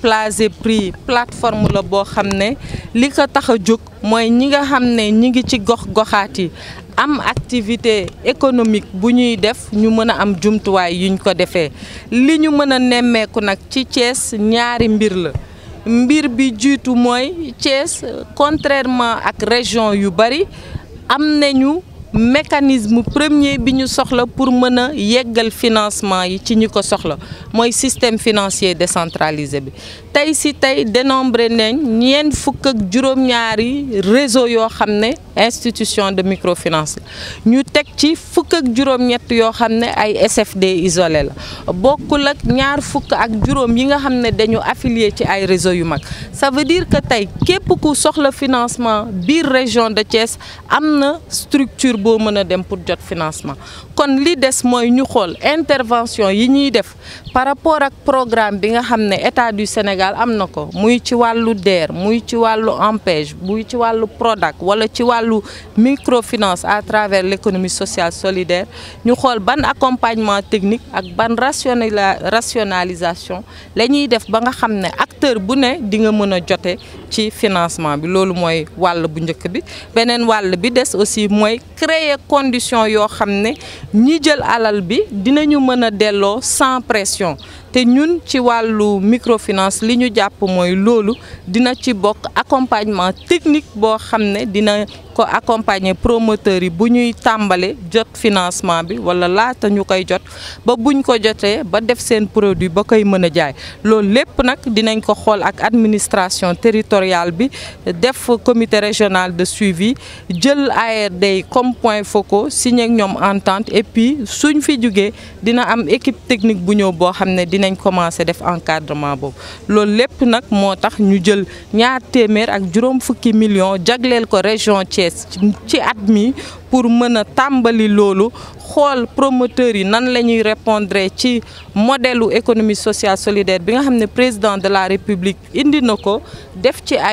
plaze pri, platform ou lo bo hamne, li ka takho djok mwen niga hamne, niga chi gok gokati am aktivite ekonomik bou nye yi def, nyou mwena am jomtwa yi yon ko defe. Li nyou mwena neme konak ti tjes, nyari mbir le. Mbir bi djit ou mwen, tjes, kontrèrman ak rejon yu bari, amnen nou mécanisme premier bi ñu soxla pour mëna a yeggal financement yi ci ñu soxla moy système financier décentralisé bi tey si tey dénombré nañ ñeent fukk ak juroom ñaari réseau yo xamné institution de microfinance ñu teg ci fukk ak juroom ñett yo xamné ay SFD isolé la bokkul ak ñaar fukk ak juroom yi nga xamné dañu affilié ci ay réseau yu mag ça veut dire que tey képp ku soxla financement biir région de Thiès amna structure boo mën dem pour jot financement kon li dess moy ñu xol intervention yi ñuy def par rapport ak programme bi nga xamné état du Sénégal am ko muy ci wàllu DER muy ci wàllu empêche muy ci wàllu product wala ci wàllu microfinance à travers l'économie sociale solidaire ñu xol ban accompagnement technique ak ban rationalisation la ñuy def ba nga xamné acteur bu ne di nga mën joté ci financement bi lolu moy wàll bu njëkk bi benen wàll bi dess aussi moy créer conditions yoo xam ne ñi jël alal bi dinañu mën sans pression te ñun ci wàllu microfinance li ñu jàpp mooy loolu dina ci bokk accompagnement technique boo xam ne dina ko accompagner promoteurs yi bu ñuy tàmbale jot financement bi wala laata ñu koy jot ba buñ ko jotee ba def seen produit ba koy mën a jaay loolu lépp nag dinañ ko xool ak administration territoriale bi def comité régionale de suivi jël ARD yi comme point focaux signé ak ñoom entente et puis suñ fi jógee dina am équipe technique bu ñëw boo xam ne avons commencé def encadrement Ce qui est le plus important ñu millions région pour mën les promoteurs modèle économie sociale solidaire bi président de la république indi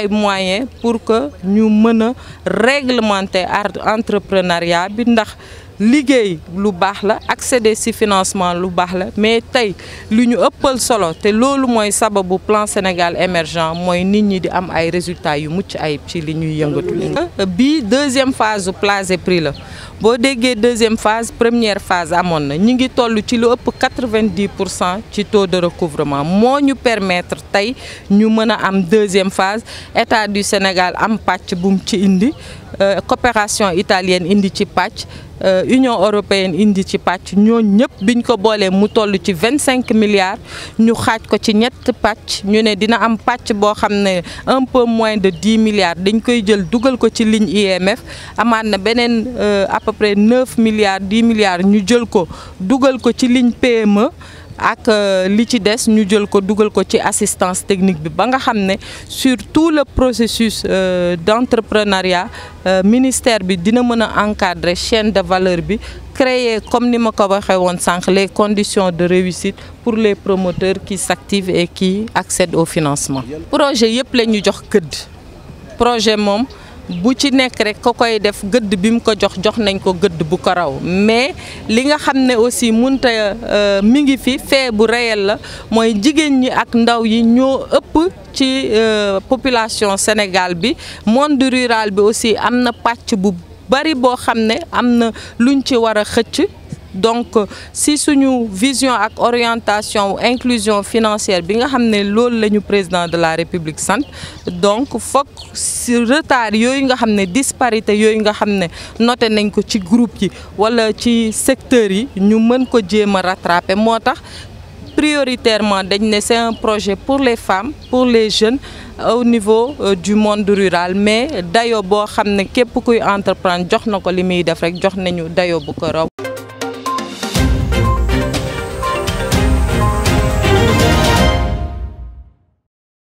moyens pour que nous réglementer entrepreneuriat liggéey lu bax la accéder ci financement lu bax la mais t'ay lu ñu ëppal solo té loolu moy sababu plan Sénégal émergent moy nit ñi di am ay résultats yu mucc ay ci li ñuy yëngatu. bi deuxième phase place Prix la boo deuxième phase première phase amone na ñi ngi tollu ci lu ëpp 90% pour ci taux de recouvrement mo ñu permettre t'ay ñu mëna am deuxième phase état du Sénégal am patch bu mu ci indi euh, coopération italienne indi ci patch Euh, Union européenne indi ci pàcc ñoo ñëpp biñ ko boolee mu toll ci vingt cinq milliards ñu xaaj ko ci ñett pàcc ñu ne dina am pàcc boo xam ne un peu moins de dix milliards dañ koy jël dugal ko ci ligne IMF amaan na beneen euh, à peu près neuf milliards dix milliards ñu jël ko dugal ko ci ligne PME. ak euh, li ci dess ñu assistance technique bi ba sur tout le processus euh, d'entrepreneuriat euh, ministère bi dina mëna chaîne de valeur bi créer comme nous ko les conditions de réussite pour les promoteurs qui s'activent et qui accèdent au financement projet yépp que ñu jox keud projet bu ci nekk rek ko koy def gëdd bi mu ko jox jox nañ ko gëdd bu ko raw mais li nga xam ne aussi munta euh, mi ngi fi fee bu réel la mooy jigéen ñi ak ndaw yi ñoo ëpp ci euh, population Sénégal bi monde rural bi aussi am na pàcc bu bari boo xam ne am na luñ ci war a xëcc donc euh, si suñu vision ak orientation inclusion financière nous nga le le président de la république Sainte. donc il faut que ce nga les disparités, disparité yooyu nga xam noté nañ ko groupe secteurs nous puissions le ko rattraper prioritairement c'est un projet pour les femmes pour les jeunes euh, au niveau euh, du monde rural mais d'ailleurs, boo xam ne képp kuy entreprendre jox na ko def